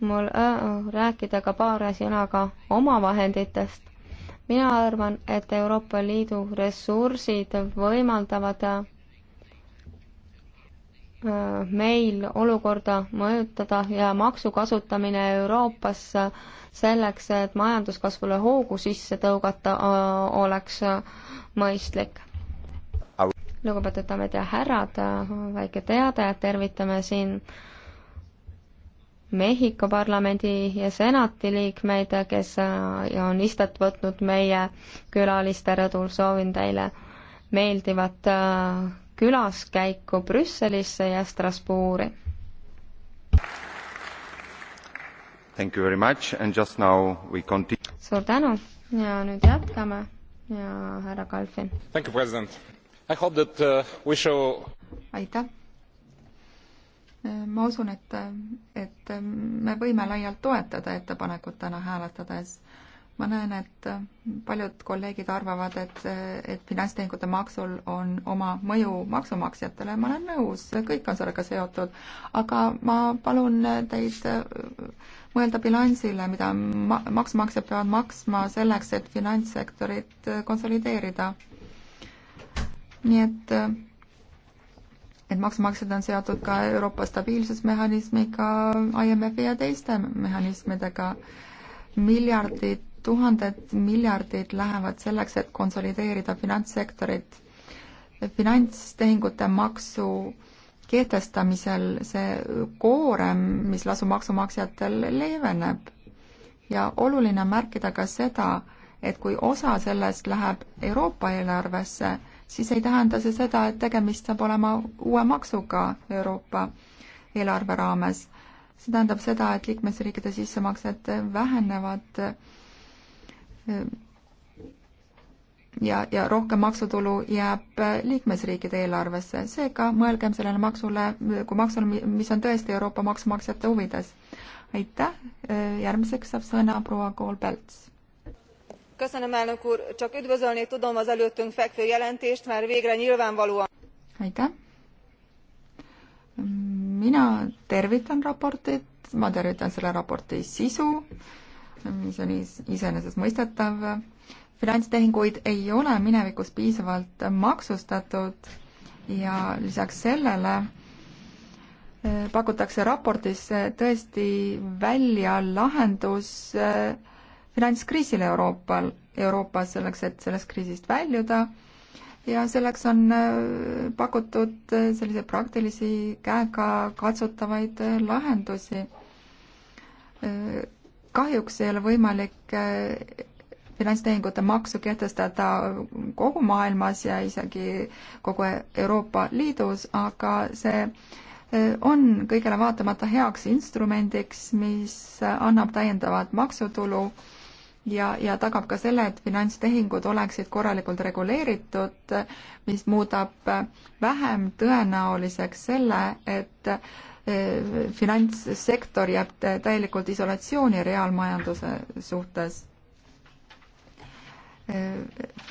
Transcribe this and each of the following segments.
mul äh, rääkida ka paari sõnaga omavahenditest. mina arvan, et Euroopa Liidu ressursid võimaldavad äh, meil olukorda mõjutada ja maksu kasutamine Euroopas selleks, et majanduskasvule hoogu sisse tõugata, äh, oleks mõistlik. lugupeetud daamid ja härrad, väike teade, tervitame siin Mehhiko parlamendi ja senati liikmeid, kes äh, on istet võtnud meie külaliste rõdul, soovin teile meeldivat äh, külaskäiku Brüsselisse ja Strasbourgi. Thank you very much and just now we continue. suur tänu ja nüüd jätkame ja härra Kalfin. Thank you, president. I hope that uh, we shall aitäh ma usun, et, et me võime laialt toetada ettepanekut täna hääletades. ma näen, et paljud kolleegid arvavad, et, et finantstehingute maksul on oma mõju maksumaksjatele, ma olen nõus, kõik on sellega seotud, aga ma palun teid mõelda bilansile, mida ma-, maksumaksjad peavad maksma selleks, et finantssektorit konsolideerida. nii et et maksumaksjad on seotud ka Euroopa stabiilsusmehhanismiga, IMF-i ja teiste mehhanismidega. miljardid, tuhanded miljardid lähevad selleks, et konsolideerida finantssektorit. finantstehingute maksu kehtestamisel see koorem, mis lasub maksumaksjatel, leeveneb. ja oluline on märkida ka seda, et kui osa sellest läheb Euroopa eelarvesse, siis ei tähenda see seda, et tegemist saab olema uue maksuga Euroopa eelarve raames. see tähendab seda, et liikmesriikide sissemaksed vähenevad äh, ja, ja rohkem maksutulu jääb liikmesriikide eelarvesse. seega mõelgem sellele maksule kui maksule, mis on tõesti Euroopa maksumaksjate huvides. aitäh, äh, järgmiseks saab sõna proua Kool-Pelts csak üdvözölni tudom az előttünk fekvő jelentést mert végre nyilvánvalóan. aitäh! mina tervitan raportit, ma tervitan selle raporti sisu, mis on iseenesestmõistetav. finantstehinguid ei ole minevikus piisavalt maksustatud ja lisaks sellele eh, pakutakse raportis tõesti välja lahendus äh, finantskriisile Euroopal, Euroopas selleks, et sellest kriisist väljuda ja selleks on äh, pakutud äh, selliseid praktilisi käega katsutavaid äh, lahendusi. kahjuks ei ole võimalik finantstehingute maksu kehtestada kogu maailmas ja isegi kogu e-, Euroopa Liidus, aga see on kõigele vaatamata heaks instrumendiks, mis annab täiendavat maksutulu äh, ja, ja tagab ka selle, et finantstehingud oleksid korralikult reguleeritud, mis muudab vähem tõenäoliseks selle, et eh, finantssektor jääb täielikult isolatsiooni reaalmajanduse suhtes. Eh,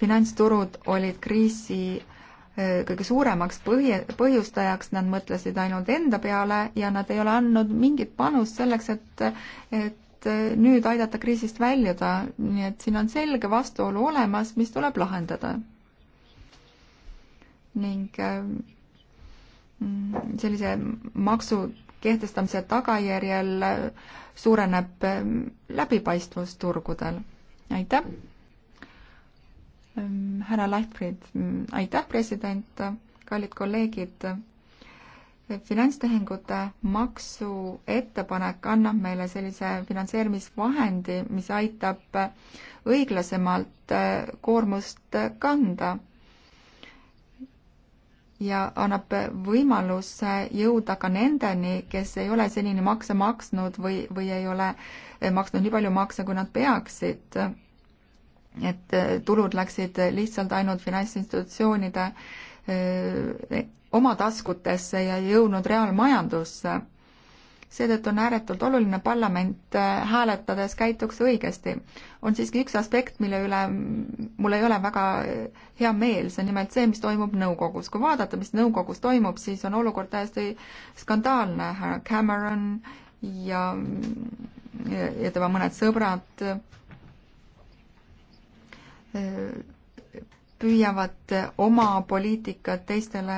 finantsturud olid kriisi eh, kõige suuremaks põhi, põhjustajaks, nad mõtlesid ainult enda peale ja nad ei ole andnud mingit panust selleks, et, et et eh, nüüd aidata kriisist väljuda, nii et siin on selge vastuolu olemas, mis tuleb lahendada. ning eh, sellise maksu kehtestamise tagajärjel eh, suureneb läbipaistvus turgudel. aitäh! härra Lahtfrid, mm, aitäh, president, kallid kolleegid finantstehingute maksu ettepanek annab meile sellise finantseerimisvahendi, mis aitab õiglasemalt äh, koormust kanda ja annab võimaluse jõuda ka nendeni, kes ei ole senini makse maksnud või, või ei ole äh, maksnud nii palju makse, kui nad peaksid. et äh, tulud läksid lihtsalt ainult finantsinstitutsioonide oma taskutesse ja jõudnud reaalmajandusse. seetõttu on ääretult oluline parlament äh, hääletades käituks õigesti. on siiski üks aspekt, mille üle mul ei ole väga äh, hea meel, see on nimelt see, mis toimub nõukogus. kui vaadata, mis nõukogus toimub, siis on olukord täiesti skandaalne. härra Cameron ja, ja, ja tema mõned sõbrad äh, püüavad oma poliitikat teistele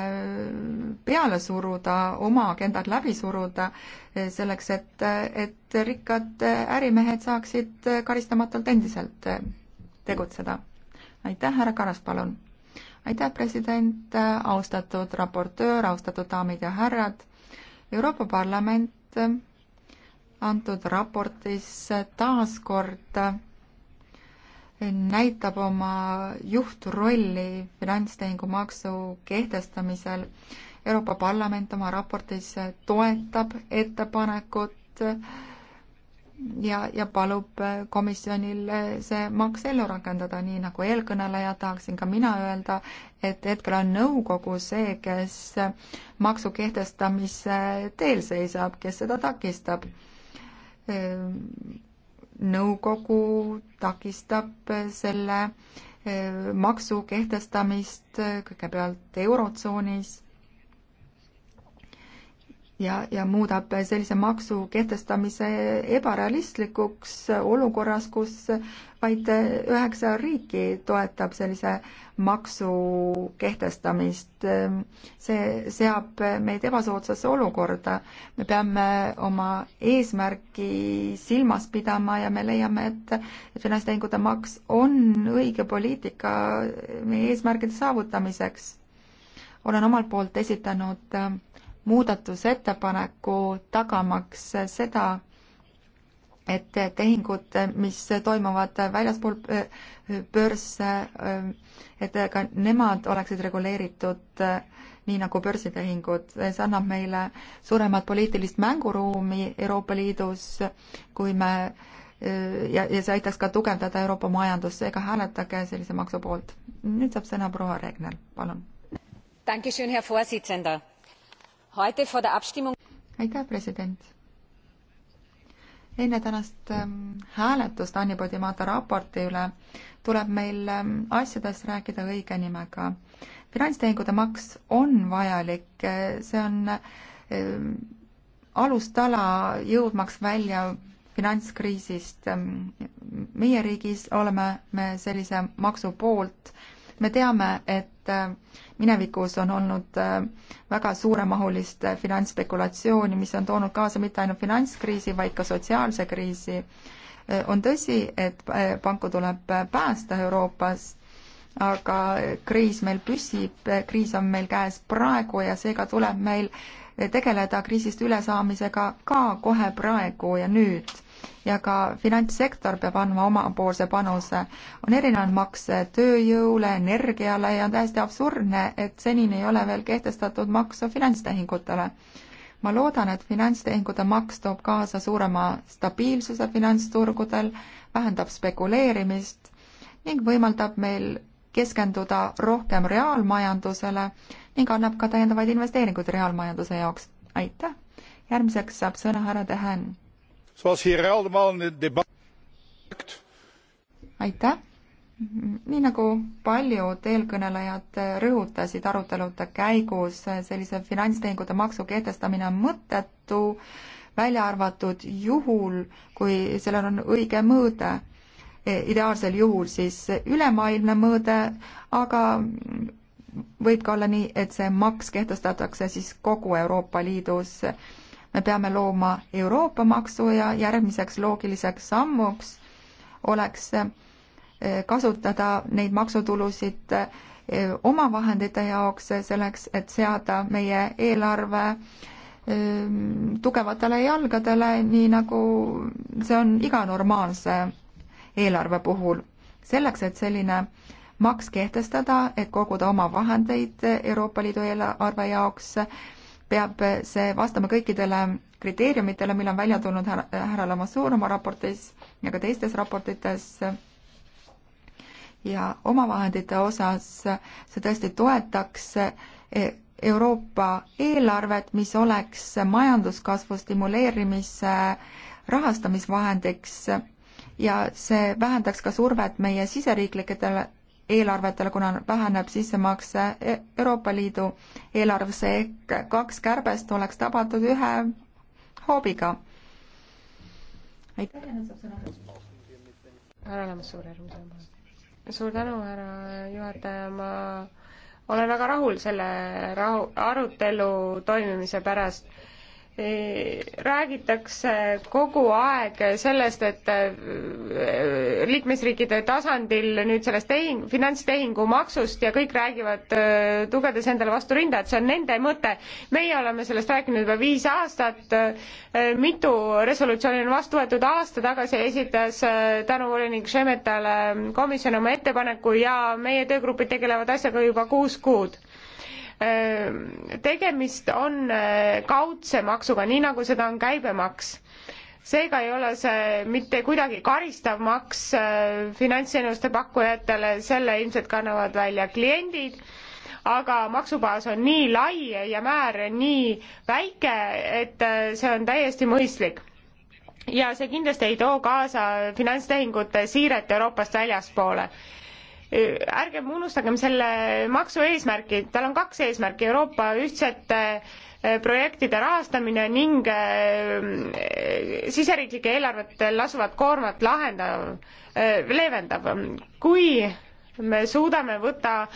peale suruda, oma agendad läbi suruda, eh, selleks et, et rikkad ärimehed saaksid karistamatult endiselt eh, tegutseda. aitäh, härra Karas, palun! aitäh, president, austatud raportöör, austatud daamid ja härrad! Euroopa Parlament eh, antud raportis taas kord näitab oma juhtrolli finantstehingumaksu kehtestamisel. Euroopa Parlament oma raportis toetab ettepanekut ja, ja palub komisjonil see maks ellu rakendada, nii nagu eelkõneleja, tahaksin ka mina öelda, et hetkel on nõukogu see, kes maksu kehtestamise teel seisab, kes seda takistab nõukogu takistab selle eh, maksu kehtestamist kõigepealt Eurotsoonis ja, ja muudab sellise maksu kehtestamise ebarealistlikuks olukorras, kus vaid üheksa riiki toetab sellise maksu kehtestamist. see seab meid ebasoodsasse olukorda. me peame oma eesmärki silmas pidama ja me leiame, et, et finantstehingute maks on õige poliitika meie eesmärgide saavutamiseks. olen omalt poolt esitanud äh, muudatusettepaneku, tagamaks seda, et tehingud, mis toimuvad väljaspool börse, et ka nemad oleksid reguleeritud nii nagu börsitehingud, see annab meile suuremat poliitilist mänguruumi Euroopa Liidus, kui me ja, ja see aitaks ka tugevdada Euroopa majandust, seega hääletage sellise maksu poolt. nüüd saab sõna proua Regner, palun aitäh, president! enne tänast ähm, hääletust Anni Podimata raporti üle tuleb meil ähm, asjadest rääkida õige nimega. finantstehingute maks on vajalik, äh, see on ähm, alustala jõudmaks välja finantskriisist. meie riigis oleme me sellise maksu poolt me teame, et äh, minevikus on olnud äh, väga suuremahulist äh, finantsspekulatsiooni, mis on toonud kaasa mitte ainult finantskriisi, vaid ka sotsiaalse kriisi. on tõsi, et panku tuleb päästa Euroopas, aga kriis meil püsib, kriis on meil käes praegu ja seega tuleb meil tegeleda kriisist ülesaamisega ka kohe praegu ja nüüd ja ka finantssektor peab andma omapoolse panuse. on erinevaid makse tööjõule, energiale ja on täiesti absurdne, et senini ei ole veel kehtestatud maksu finantstehingutele. ma loodan, et finantstehingute maks toob kaasa suurema stabiilsuse finantsturgudel, vähendab spekuleerimist ning võimaldab meil keskenduda rohkem reaalmajandusele ning annab ka täiendavaid investeeringuid reaalmajanduse jaoks. aitäh! järgmiseks saab sõna härra Tähen aitäh! nii nagu paljud eelkõnelejad rõhutasid arutelude käigus, sellise finantstehingute maksu kehtestamine on mõttetu, välja arvatud juhul, kui sellel on õige mõõde. E, ideaalsel juhul siis ülemaailmne mõõde, aga võib ka olla nii, et see maks kehtestatakse siis kogu Euroopa Liidus me peame looma Euroopa maksu ja järgmiseks loogiliseks sammuks oleks eh, kasutada neid maksutulusid eh, oma vahendite jaoks, eh, selleks et seada meie eelarve tugevatele jalgadele, nii nagu see on iga normaalse eelarve puhul. selleks, et selline maks kehtestada, et koguda oma vahendeid Euroopa Liidu eelarve jaoks, peab see vastama kõikidele kriteeriumitele, mille on välja tulnud härra, härra Lamassoor oma raportis ja ka teistes raportites. ja omavahendite osas see tõesti toetaks e-, Euroopa eelarvet, mis oleks majanduskasvu stimuleerimise rahastamisvahendiks ja see vähendaks ka survet meie siseriiklikele eelarvetele, kuna väheneb sissemakse e-, Euroopa Liidu eelarvesse ehk kaks kärbest oleks tabatud ühe hoobiga. aitäh. härra Lammas, suur järgmisena. suur tänu, härra juhataja, ma olen väga rahul selle rahu, arutelu toimimise pärast räägitakse kogu aeg sellest, et äh, liikmesriikide tasandil nüüd sellest tehing, finantstehingu maksust ja kõik räägivad, äh, tugedes endale vastu rinda, et see on nende mõte. meie oleme sellest rääkinud juba viis aastat, äh, mitu resolutsiooni on vastu võetud, aasta tagasi esitas tänu volinik Šemetale komisjon oma ettepaneku ja meie töögrupid tegelevad asjaga juba kuus kuud tegemist on äh, kaudse maksuga, nii nagu seda on käibemaks. seega ei ole see mitte kuidagi karistav maks äh, finantsteenuste pakkujatele, selle ilmselt kannavad välja kliendid, aga maksubaas on nii lai ja määr nii väike, et äh, see on täiesti mõistlik ja see kindlasti ei too kaasa finantstehingute siiret Euroopast väljaspoole ärgem unustagem selle maksu eesmärki, tal on kaks eesmärki, Euroopa ühtsete eh, projektide rahastamine ning eh, siseriiklike eelarvetel lasuvat koormat lahendav, eh, leevendav. kui me suudame võtta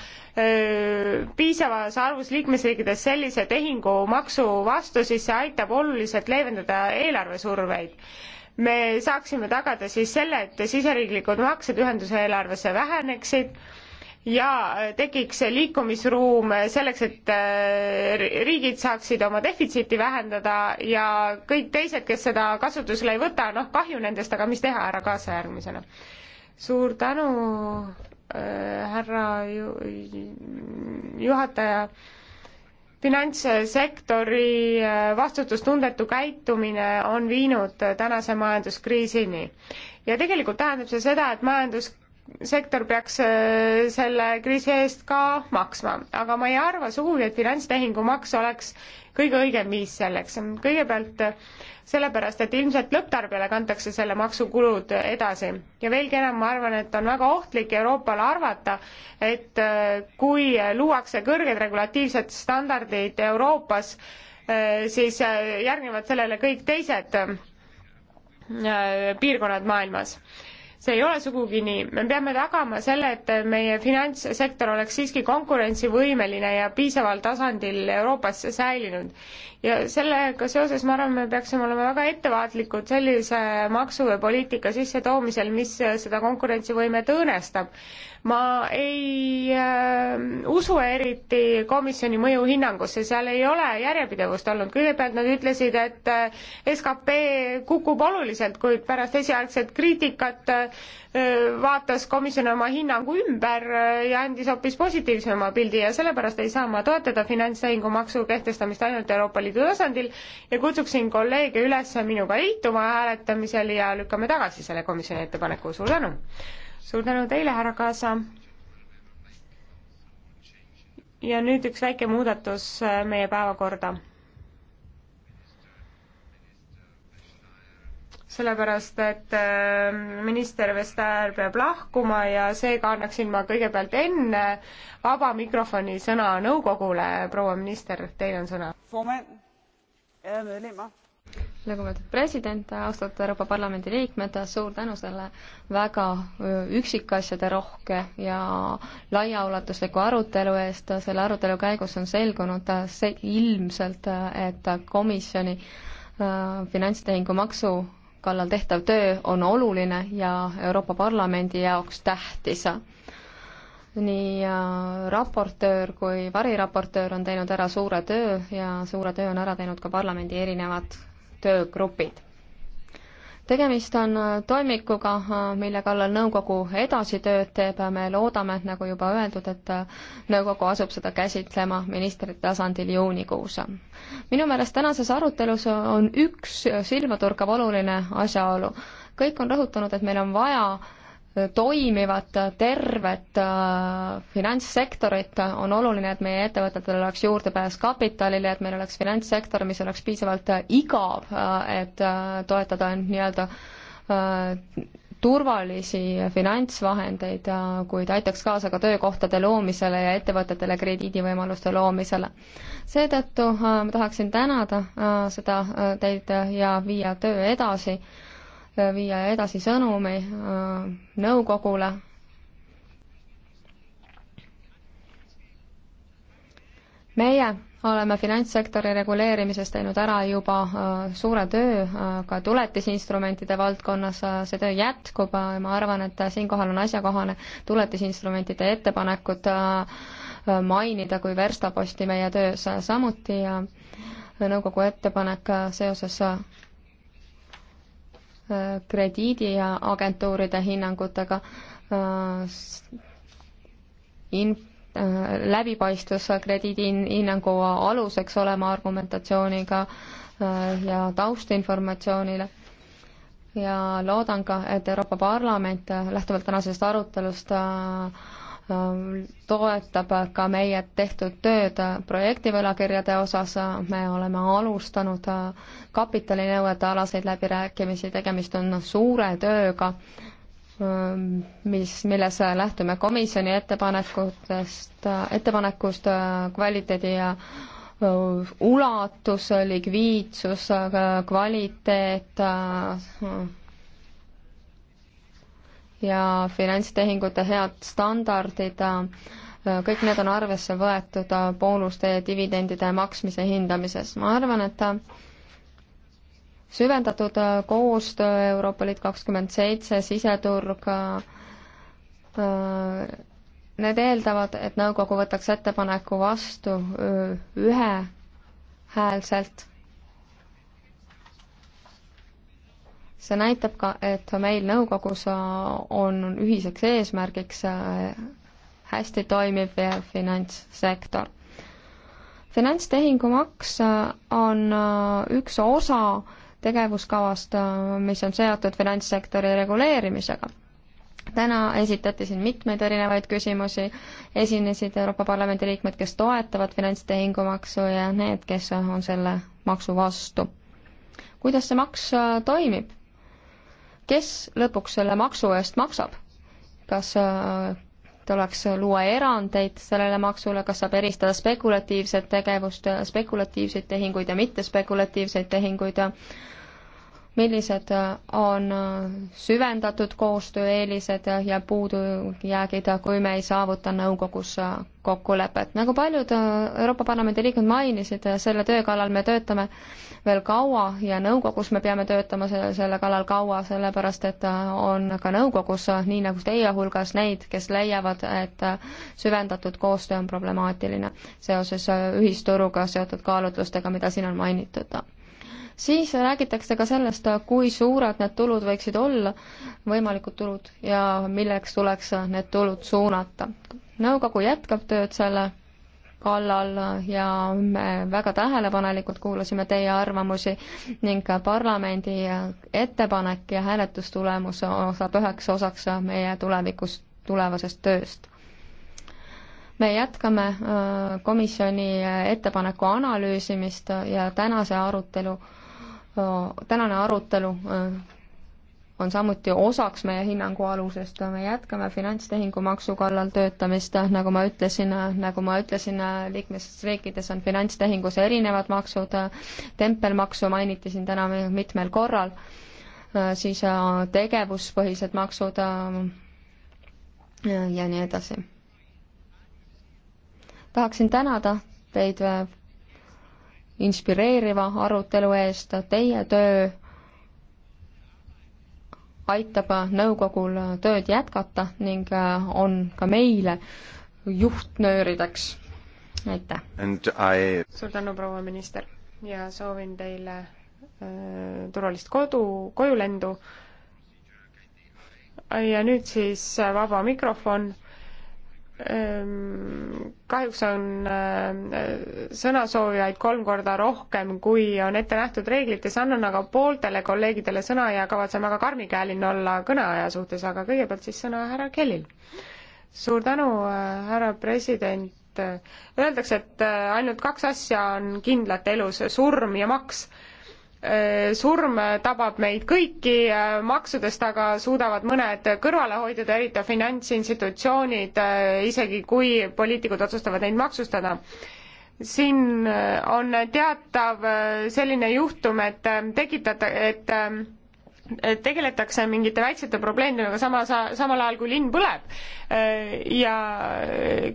piisavas arvus liikmesriikides sellise tehingu maksu vastu, siis see aitab oluliselt leevendada eelarvesurveid me saaksime tagada siis selle, et siseriiklikud maksed ühenduse eelarvesse väheneksid ja äh, tekiks liikumisruum selleks, et äh, riigid saaksid oma defitsiiti vähendada ja kõik teised, kes seda kasutusele ei võta, noh, kahju nendest, aga mis teha, härra Kaasa järgmisena. suur tänu, äh, härra ju-, juhataja finantssektori äh, vastutustundetu käitumine on viinud tänase majanduskriisini ja tegelikult tähendab see seda, et majandus sektor peaks äh, selle kriisi eest ka maksma, aga ma ei arva sugugi, et finantstehingumaks oleks kõige õigem viis selleks. kõigepealt äh, sellepärast, et ilmselt lõpptarbijale kantakse selle maksu kulud edasi ja veelgi enam, ma arvan, et on väga ohtlik Euroopale arvata, et äh, kui luuakse kõrged regulatiivsed standardid Euroopas, siis järgnevad sellele kõik teised piirkonnad maailmas see ei ole sugugi nii, me peame tagama selle, et meie finantssektor oleks siiski konkurentsivõimeline ja piisaval tasandil Euroopas säilinud ja sellega seoses ma arvan, me peaksime olema väga ettevaatlikud sellise maksu ja poliitika sissetoomisel, mis seda konkurentsivõimet õõnestab. ma ei äh, usu eriti komisjoni mõjuhinnangusse, seal ei ole järjepidevust olnud, kõigepealt nad ütlesid, et äh, skp kukub oluliselt, kuid pärast esialgset kriitikat äh, vaatas komisjon oma hinnangu ümber äh, ja andis hoopis positiivsema pildi ja sellepärast ei saa ma toetada finantstehingumaksu kehtestamist ainult Euroopa Liidu Liidu tasandil ja kutsuksin kolleege üles minuga liituma hääletamisel ja lükkame tagasi selle komisjoni ettepaneku, suur tänu! suur tänu teile, härra Kaasa! ja nüüd üks väike muudatus äh, meie päevakorda. sellepärast, et äh, minister Vestager peab lahkuma ja seega annaksin ma kõigepealt enne vaba mikrofoni sõna nõukogule, proua minister, teil on sõna lugupeetud president, austatud Euroopa Parlamendi liikmed, suur tänu selle väga üksikasjade rohke ja laiaulatusliku arutelu eest, selle arutelu käigus on selgunud see ilmselt, et komisjoni finantstehingu maksu kallal tehtav töö on oluline ja Euroopa Parlamendi jaoks tähtis nii äh, raportöör kui variraportöör on teinud ära suure töö ja suure töö on ära teinud ka parlamendi erinevad töögrupid. tegemist on äh, toimikuga, äh, mille kallal nõukogu edasi tööd teeb, me loodame, nagu juba öeldud, et nõukogu asub seda käsitlema ministrite tasandil juunikuus. minu meelest tänases arutelus on üks silmatorkav oluline asjaolu. kõik on rõhutanud, et meil on vaja toimivat, tervet äh, finantssektorit, on oluline, et meie ettevõtetel oleks juurdepääs kapitalile, et meil oleks finantssektor, mis oleks piisavalt äh, igav, äh, et toetada nii-öelda turvalisi finantsvahendeid, kuid aitaks kaasa ka töökohtade loomisele ja ettevõtetele krediidivõimaluste loomisele. seetõttu ma tahaksin tänada seda teid ja viia töö edasi viia edasi sõnumi äh, nõukogule, meie oleme finantssektori reguleerimises teinud ära juba äh, suure töö äh, ka tuletisinstrumentide valdkonnas, see töö jätkub ja ma arvan, et siinkohal on asjakohane tuletisinstrumentide ettepanekut mainida kui verstaposti meie töös samuti ja nõukogu ettepanek seoses krediidiagentuuride hinnangutega äh, in-, äh, läbipaistvus krediidi hinnangu aluseks olema argumentatsiooniga äh, ja taustinformatsioonile ja loodan ka, et Euroopa Parlament lähtuvalt tänasest arutelust Ähm, toetab ka meie tehtud tööd projektivõlakirjade osas, me oleme alustanud äh, kapitalinõuete alaseid läbirääkimisi, tegemist on suure tööga, ähm, mis, milles lähtume komisjoni ettepanekutest, äh, ettepanekust äh, kvaliteedi ja ulatus, likviidsus, kvaliteet, ja finantstehingute head standardid, äh, kõik need on arvesse võetud äh, boonuste ja dividendide maksmise hindamises. ma arvan, et äh, süvendatud koostöö Euroopa Liit kakskümmend seitse, siseturg, need eeldavad, et nõukogu võtaks ettepaneku vastu ühehäälselt see näitab ka, et meil nõukogus äh, on ühiseks eesmärgiks äh, hästi toimiv finantssektor. finantstehingumaks äh, on üks osa tegevuskavast, mis on seotud finantssektori reguleerimisega täna esitati siin mitmeid erinevaid küsimusi, esinesid Euroopa Parlamendi liikmed, kes toetavad finantstehingumaksu ja need, kes on selle maksu vastu. kuidas see maks toimib? kes lõpuks selle maksu eest maksab? kas äh, tuleks luua erandeid sellele maksule, kas saab eristada spekulatiivset tegevust, spekulatiivseid tehinguid ja mittespekulatiivseid tehinguid ja millised äh, on äh, süvendatud koostöö eelised ja puudujäägid, äh, kui me ei saavuta nõukogus kokkulepet. nagu paljud Euroopa Parlamendi liikmed mainisid, selle töö kallal me töötame veel kaua ja nõukogus me peame töötama selle, selle kallal kaua, sellepärast et on ka nõukogus, nii nagu teie hulgas, neid, kes leiavad, et süvendatud koostöö on problemaatiline seoses ühisturuga seotud kaalutlustega, mida siin on mainitud siis räägitakse ka sellest, kui suured need tulud võiksid olla, võimalikud tulud, ja milleks tuleks need tulud suunata. nõukogu jätkab tööd selle kallal ja me väga tähelepanelikult kuulasime teie arvamusi ning parlamendi ettepanek ja hääletustulemus saab üheks osaks meie tulevikus, tulevasest tööst me jätkame äh, komisjoni ettepaneku analüüsimist ja tänase arutelu Äh, tänane arutelu äh, on samuti osaks meie hinnangu alusest, me jätkame finantstehingumaksu kallal töötamist, nagu ma ütlesin, äh, nagu ma ütlesin, liikmesriikides on finantstehingus erinevad maksud, tempelmaksu mainiti siin täna mitmel korral, siis tegevuspõhised maksud ja nii edasi. tahaksin tänada teid inspireeriva arutelu eest, teie töö aitab nõukogul tööd jätkata ning äh, on ka meile juhtnöörideks. aitäh! I... suur tänu, proua minister, ja soovin teile äh, turvalist kodu, kojulendu. ja nüüd siis vaba mikrofon ähm, kahjuks on äh, sõnasoovijaid kolm korda rohkem, kui on ette nähtud reeglites, annan aga pooltele kolleegidele sõna ja kavatsen väga karmikäeline olla kõneaja suhtes, aga kõigepealt siis sõna härra Kellil. suur tänu, äh, härra president. Öeldakse, et äh, ainult kaks asja on kindlat elus, surm ja maks Äh, surm tabab meid kõiki, äh, maksudest aga suudavad mõned kõrvale hoiduda, eriti finantsinstitutsioonid, äh, isegi kui poliitikud otsustavad neid maksustada. siin on teatav selline juhtum, et tekitada, et tegeletakse mingite väiksete probleemidega sama, samal ajal kui linn põleb. ja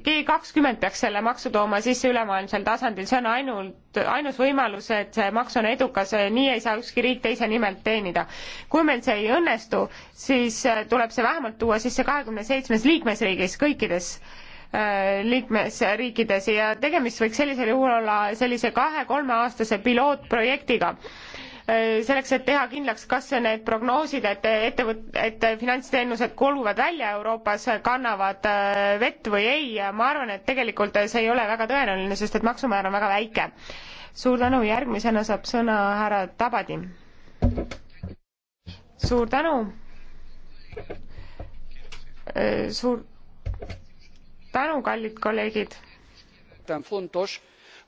G kakskümmend peaks selle maksu tooma sisse ülemaailmsel tasandil, see on ainult, ainus võimalus, et see maks on edukas, nii ei saa ükski riik teise nimelt teenida. kui meil see ei õnnestu, siis tuleb see vähemalt tuua sisse kahekümne seitsmes liikmesriigis, kõikides äh, liikmesriikides ja tegemist võiks sellisel juhul olla sellise kahe-kolmeaastase pilootprojektiga Äh, selleks, et teha kindlaks, kas need prognoosid, et ettevõt-, et finantsteenused kuluvad välja Euroopas, kannavad äh, vett või ei, ma arvan, et tegelikult see ei ole väga tõenäoline, sest et maksumäär on väga väike. suur tänu, järgmisena saab sõna härra Tabadi. suur tänu. Äh, suur tänu, kallid kolleegid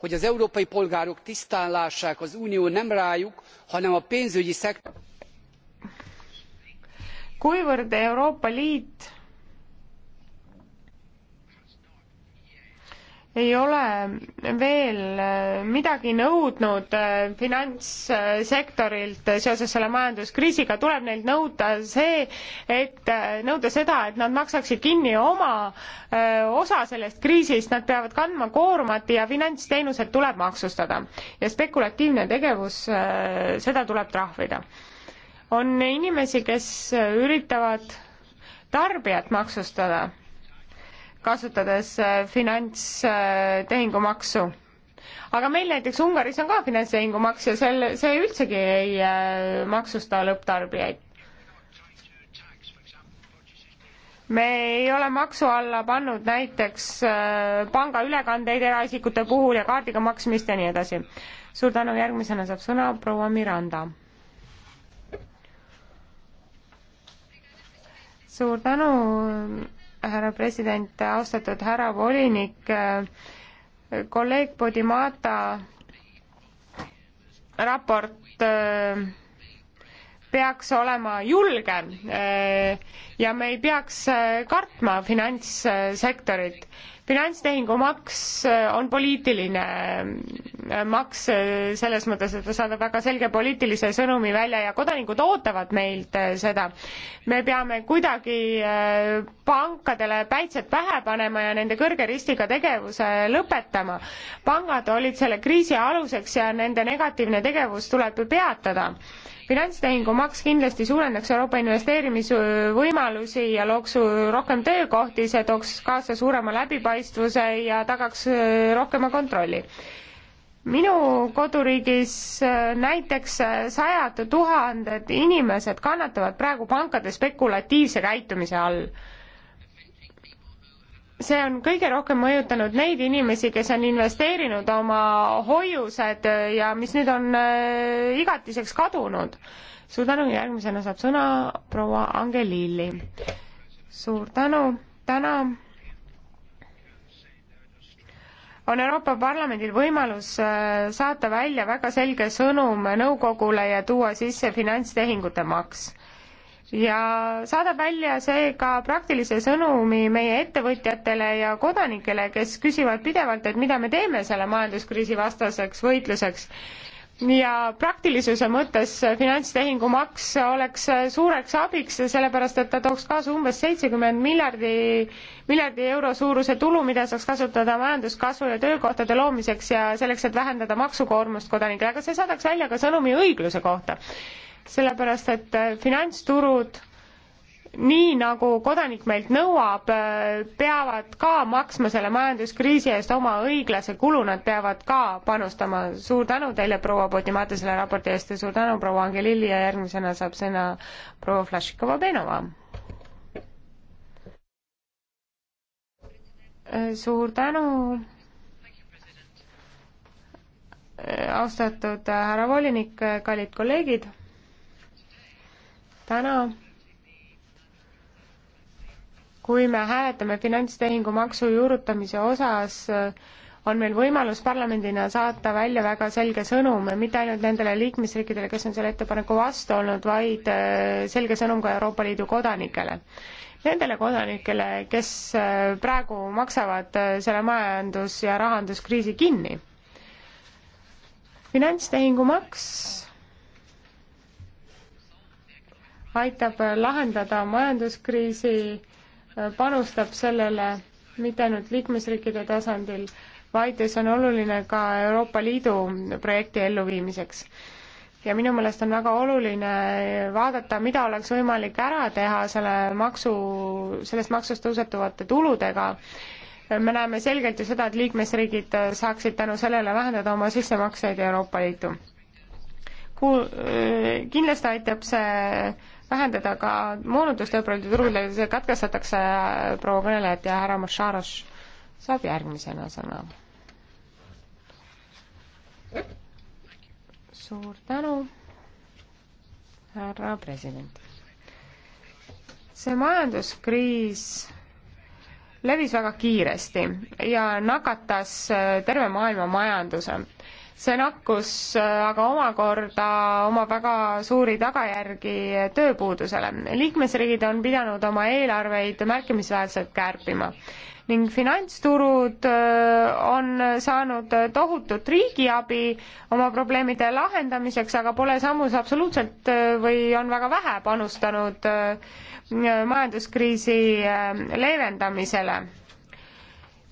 hogy az európai polgárok tisztán lássák az unió nem rájuk hanem a pénzügyi szektorra. kuivõrd euroopa liit ei ole veel äh, midagi nõudnud äh, finantssektorilt äh, seoses selle majanduskriisiga, tuleb neilt nõuda see, et nõuda seda, et nad maksaksid kinni oma osa sellest kriisist, nad peavad kandma koormat ja finantsteenused tuleb maksustada. ja spekulatiivne tegevus, seda tuleb trahvida. on inimesi, kes üritavad tarbijat maksustada kasutades äh, finantstehingumaksu. aga meil näiteks Ungaris on ka finantstehingumaks ja selle, see üldsegi ei äh, maksusta lõpptarbijaid. me ei ole maksu alla pannud näiteks äh, pangaülekandeid eraisikute puhul ja kaardiga maksmist ja nii edasi. suur tänu, järgmisena saab sõna proua Miranda. suur tänu härra president, austatud härra volinik, kolleeg Podimata raport äh, peaks olema julgem äh, ja me ei peaks äh, kartma finantssektorit finantstehingumaks äh, on poliitiline äh, maks äh, selles mõttes, et ta saadab väga selge poliitilise sõnumi välja ja kodanikud ootavad meilt seda. me peame kuidagi pankadele päitsed pähe panema ja nende kõrge ristiga tegevuse lõpetama. pangad olid selle kriisi aluseks ja nende negatiivne tegevus tuleb peatada finantstehingumaks kindlasti suurendaks Euroopa investeerimisvõimalusi ja looks rohkem töökohti, see tooks kaasa suurema läbipaistvuse ja tagaks äh, rohkema kontrolli. minu koduriigis äh, näiteks äh, sajad tuhanded inimesed kannatavad praegu pankade spekulatiivse käitumise all see on kõige rohkem mõjutanud neid inimesi, kes on investeerinud oma hoiused ja mis nüüd on äh, igatiseks kadunud. suur tänu, järgmisena saab sõna proua Angelilli. suur tänu, täna on Euroopa Parlamendil võimalus äh, saata välja väga selge sõnum nõukogule ja tuua sisse finantstehingute maks ja saadab välja seega praktilise sõnumi meie ettevõtjatele ja kodanikele, kes küsivad pidevalt, et mida me teeme selle majanduskriisi vastaseks võitluseks. ja praktilisuse mõttes finantstehingumaks oleks suureks abiks, sellepärast et ta tooks kaasa umbes seitsekümmend miljardi, miljardi euro suuruse tulu, mida saaks kasutada majanduskasvu ja töökohtade loomiseks ja selleks, et vähendada maksukoormust kodanikele, aga see saadaks välja ka sõnumi õigluse kohta sellepärast et äh, finantsturud nii nagu kodanik meilt nõuab, äh, peavad ka maksma selle majanduskriisi eest oma õiglase kulu, nad peavad ka panustama. suur tänu teile, proua Potimata, selle raporti eest ja suur tänu, proua Angelilli ja järgmisena saab sõna proua Flašikova-Benova. Äh, suur tänu, austatud härra volinik, kallid kolleegid täna kui me hääletame finantstehingu maksu juurutamise osas, on meil võimalus parlamendina saata välja väga selge sõnum, mitte ainult nendele liikmesriikidele, kes on selle ettepaneku vastu olnud, vaid äh, selge sõnum ka Euroopa Liidu kodanikele. Nendele kodanikele, kes äh, praegu maksavad äh, selle majandus- ja rahanduskriisi kinni. finantstehingumaks aitab lahendada majanduskriisi, panustab sellele mitte ainult liikmesriikide tasandil, vaid see on oluline ka Euroopa Liidu projekti elluviimiseks. ja minu meelest on väga oluline vaadata, mida oleks võimalik ära teha selle maksu, sellest maksust tõusetuvate tuludega, me näeme selgelt ju seda, et liikmesriigid saaksid tänu sellele vähendada oma sissemakseid Euroopa Liitu. Kuul-, kindlasti aitab see vähendada ka moonutust tööproduktidel, see katkestatakse proua kõnelejat ja härra Mošaroš saab järgmisena sõna. suur tänu, härra president. see majanduskriis levis väga kiiresti ja nakatas terve maailma majanduse see nakkus äh, aga omakorda omab väga suuri tagajärgi tööpuudusele. liikmesriigid on pidanud oma eelarveid märkimisväärselt kärpima ning finantsturud äh, on saanud tohutut riigiabi oma probleemide lahendamiseks, aga pole samus absoluutselt äh, või on väga vähe panustanud majanduskriisi leevendamisele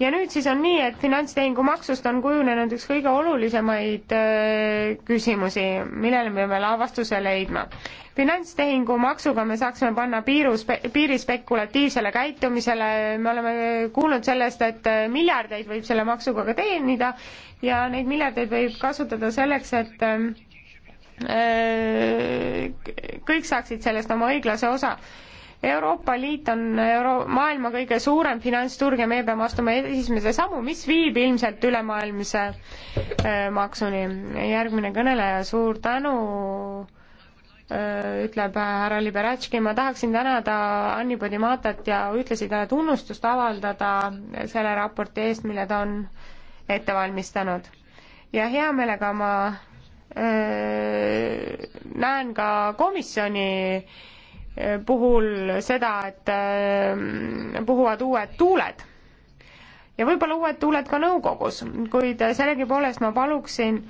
ja nüüd siis on nii, et finantstehingu maksust on kujunenud üks kõige olulisemaid äh, küsimusi, millele me peame vastuse leidma. finantstehingu maksuga me saaksime panna piiru spe-, piiri spekulatiivsele käitumisele, me oleme äh, kuulnud sellest, et äh, miljardeid võib selle maksuga ka teenida ja neid miljardeid võib kasutada selleks, et ähm, kõik saaksid sellest oma õiglase osa Euroopa Liit on euro-, maailma kõige suurem finantsturg ja meie peame astuma esimese sammu, mis viib ilmselt ülemaailmse äh, maksuni. järgmine kõneleja, suur tänu, äh, ütleb härra Liberatški, ma tahaksin tänada Anni Podimatat ja ühtlasi talle tunnustust avaldada selle raporti eest, mille ta on ette valmistanud. ja hea meelega ma öö, äh, näen ka komisjoni öö, puhul seda, et äh, puhuvad uued tuuled. ja võib-olla uued tuuled ka nõukogus, kuid sellegipoolest ma paluksin,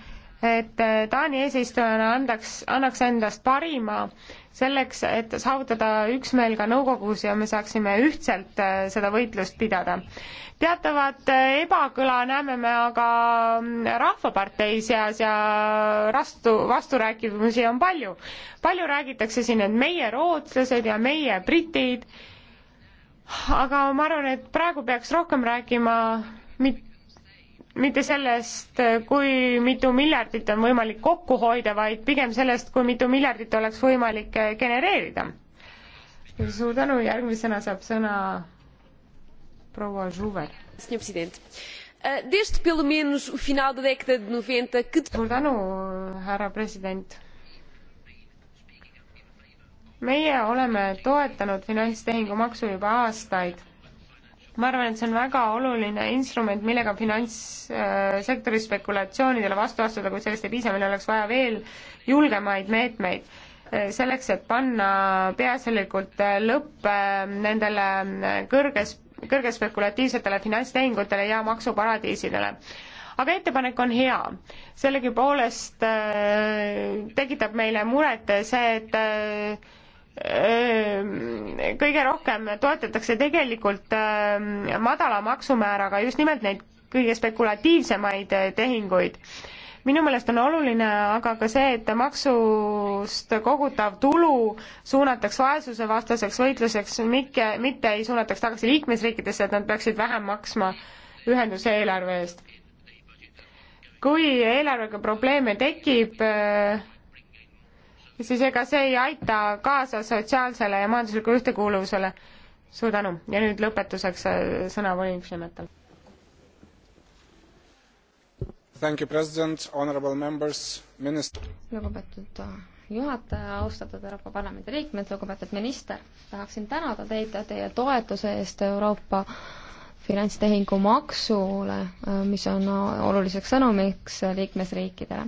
et äh, Taani eesistujana andaks, annaks endast parima selleks, et saavutada üksmeel ka nõukogus ja me saaksime ühtselt äh, seda võitlust pidada. teatavat äh, ebakõla näeme me aga mm, Rahvapartei seas ja vastu, vasturääkivusi on palju. palju räägitakse siin, et meie rootslased ja meie britid, aga ma arvan, et praegu peaks rohkem rääkima mitte mitte sellest, kui mitu miljardit on võimalik kokku hoida, vaid pigem sellest, kui mitu miljardit oleks võimalik eh, genereerida. suur tänu, järgmisena saab sõna proua Žuver. Eh, suur tänu, härra president. meie oleme toetanud finantstehingumaksu juba aastaid ma arvan, et see on väga oluline instrument, millega finantssektori spekulatsioonidele vastu astuda, kuid sellest ei piisa, meil oleks vaja veel julgemaid meetmeid selleks, et panna peaasjalikult lõpp äh, nendele äh, kõrges, kõrgespekulatiivsetele finantstehingutele ja maksuparadiisidele aga ettepanek on hea. sellegipoolest äh, tekitab meile muret see, et kõige rohkem toetatakse tegelikult madala maksumääraga just nimelt neid kõige spekulatiivsemaid tehinguid. minu meelest on oluline aga ka see, et maksust kogutav tulu suunataks vaesusevastaseks võitluseks, mitte, mitte ei suunataks tagasi liikmesriikidesse, et nad peaksid vähem maksma ühenduse eelarve eest. kui eelarvega probleeme tekib, siis ega see ei aita kaasa sotsiaalsele ja majanduslikule ühtekuuluvusele. suur tänu ja nüüd lõpetuseks äh, sõna volinik Šemetal. lugupeetud äh, juhataja, austatud Euroopa Parlamendi liikmed, lugupeetud minister, tahaksin tänada teid teie toetuse eest Euroopa finantstehingu maksule, äh, mis on oluliseks sõnumiks liikmesriikidele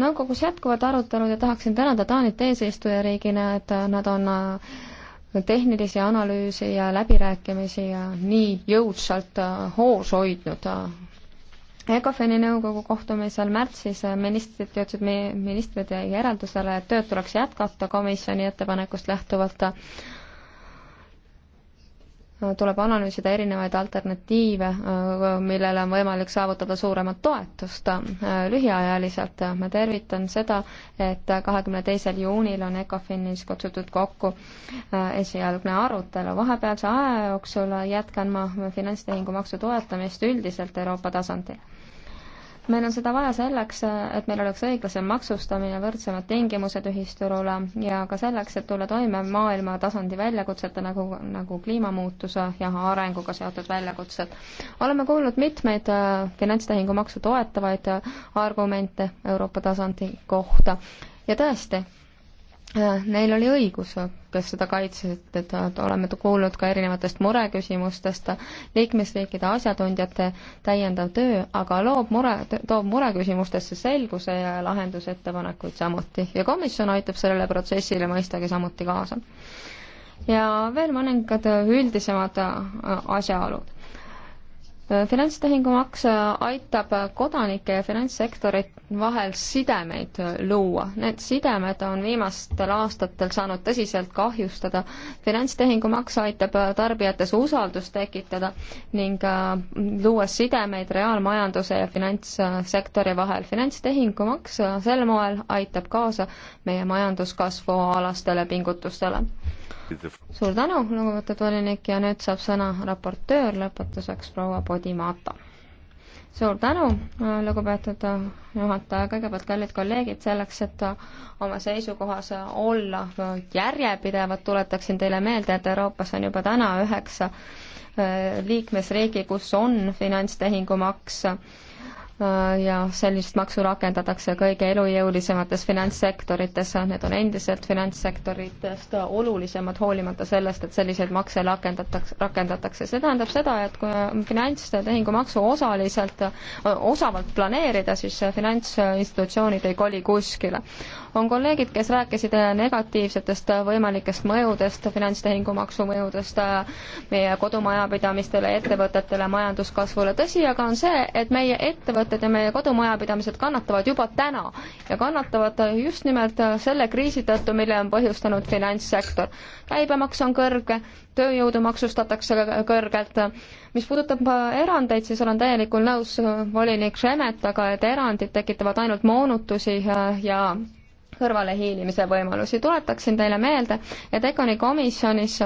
nõukogus jätkuvad arutelud ja tahaksin tänada Taanit eesistujariigina, et nad on äh, tehnilisi analüüse ja läbirääkimisi ja nii jõudsalt äh, hoos hoidnud. ECOFIN-i nõukogu kohtumisel märtsis äh, ministrid jõudsid meie ministrid jäi järeldusele, et tööd tuleks jätkata komisjoni ettepanekust lähtuvalt tuleb analüüsida erinevaid alternatiive, äh, millele on võimalik saavutada suuremat toetust äh, lühiajaliselt. ma tervitan seda, et kahekümne teisel juunil on ECOFINis kutsutud kokku äh, esialgne arutelu. vahepealse aja jooksul jätkan ma finantstehingumaksu toetamist üldiselt Euroopa tasandil meil on seda vaja selleks, et meil oleks õiglasem maksustamine, võrdsemad tingimused ühisturule ja ka selleks, et tulla toime maailma tasandi väljakutsete nagu, nagu kliimamuutuse ja arenguga seotud väljakutsed. oleme kuulnud mitmeid äh, finantstehingumaksu toetavaid argumente Euroopa tasandi kohta ja tõesti, Äh, neil oli õigus, kes seda kaitsesid, et oleme kuulnud ka erinevatest mureküsimustest, liikmesriikide asjatundjate täiendav töö aga loob mure, toob mureküsimustesse selguse ja lahendusettepanekuid samuti ja komisjon aitab sellele protsessile mõistagi samuti kaasa. ja veel mõningad üldisemad äh, asjaolud finantstehingumaks aitab kodanike ja finantssektori vahel sidemeid luua. Need sidemed on viimastel aastatel saanud tõsiselt kahjustada. finantstehingumaks aitab tarbijates usaldust tekitada ning äh, luua sidemeid reaalmajanduse ja finantssektori vahel. finantstehingumaks sel moel aitab kaasa meie majanduskasvu alastele pingutustele suur tänu, lugupeetud volinik ja nüüd saab sõna raportöör, lõpetuseks proua Podimata. suur tänu, lugupeetud juhataja, kõigepealt kallid kolleegid, selleks, et oma seisukohas olla järjepidevad, tuletaksin teile meelde, et Euroopas on juba täna üheksa äh, liikmesriigi, kus on finantstehingumaks ja sellist maksu rakendatakse kõige elujõulisemates finantssektorites, need on endiselt finantssektoritest olulisemad, hoolimata sellest, et selliseid makse rakendatakse, rakendatakse. see tähendab seda, et kui finantstehingumaksu osaliselt, osavalt planeerida, siis finantsinstitutsioonid ei koli kuskile. on kolleegid, kes rääkisid negatiivsetest võimalikest mõjudest, finantstehingumaksu mõjudest meie kodumajapidamistele, ettevõtetele, majanduskasvule, tõsi aga on see, et meie ettevõtted ettevõtted ja meie kodumajapidamised kannatavad juba täna ja kannatavad just nimelt selle kriisi tõttu, mille on põhjustanud finantssektor. käibemaks on kõrge, tööjõudu maksustatakse kõrgelt. mis puudutab erandeid, siis olen täielikul nõus volinik Šemetaga, et erandid tekitavad ainult moonutusi ja, ja kõrvalehiilimise võimalusi. tuletaksin teile meelde, et Econi komisjonis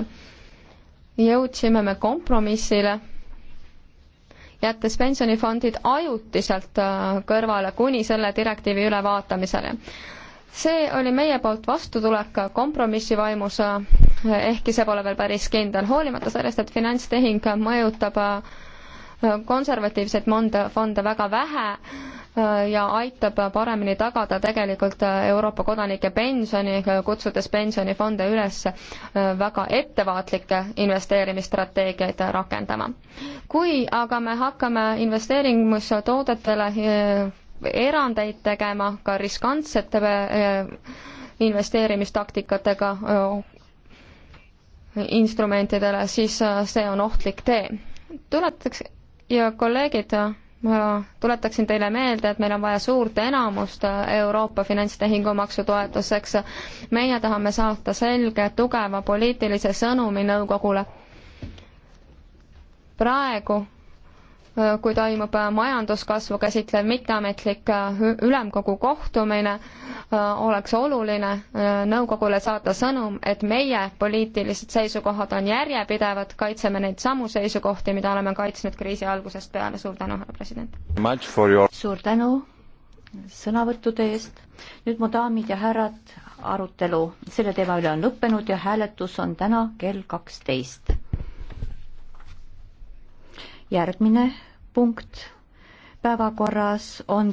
jõudsime me kompromissile jättes pensionifondid ajutiselt äh, kõrvale kuni selle direktiivi ülevaatamiseni. see oli meie poolt vastutulek kompromissi vaimus, äh, ehkki see pole veel päris kindel, hoolimata sellest, et finantstehing mõjutab äh, konservatiivseid fonde väga vähe, Äh, ja aitab paremini tagada tegelikult äh, Euroopa kodanike pensioni, äh, kutsudes pensionifonde üles väga ettevaatlikke investeerimisstrateegiaid rakendama. kui aga me hakkame investeeringutoodetele erandeid tegema ka riskantsete investeerimistaktikatega instrumentidele, siis see on ohtlik tee. tuletaks ja kolleegid ma tuletaksin teile meelde, et meil on vaja suurt enamust Euroopa finantstehingumaksu toetuseks. meie tahame saata selge, tugeva poliitilise sõnumi nõukogule. praegu kui toimub majanduskasvu käsitlev mitteametlik ülemkogu kohtumine, äh, oleks oluline äh, nõukogule saata sõnum, et meie poliitilised seisukohad on järjepidevad, kaitseme neid samu seisukohti, mida oleme kaitsnud kriisi algusest peale. suur tänu, härra president! Your... suur tänu sõnavõttude eest. nüüd mu daamid ja härrad, arutelu selle teema üle on lõppenud ja hääletus on täna kell kaksteist järgmine punkt päevakorras on